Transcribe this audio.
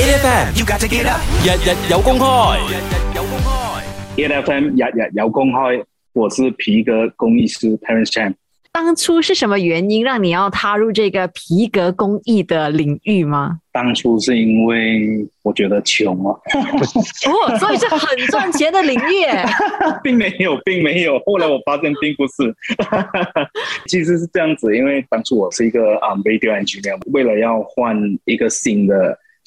N.F.M. 要架只機啦，日日有工開。N.F.M. 日日有工開。我是皮革工藝師 Terance Chan。當初是什麼原因讓你要踏入這個皮革工藝的領域嗎？當初是因為我覺得窮啊，不，所以是很賺錢的領域，並沒有，並沒有。後來我發現並不是，其實是這樣子，因為當初我是一個啊 radio engineer，為了要換一個新的。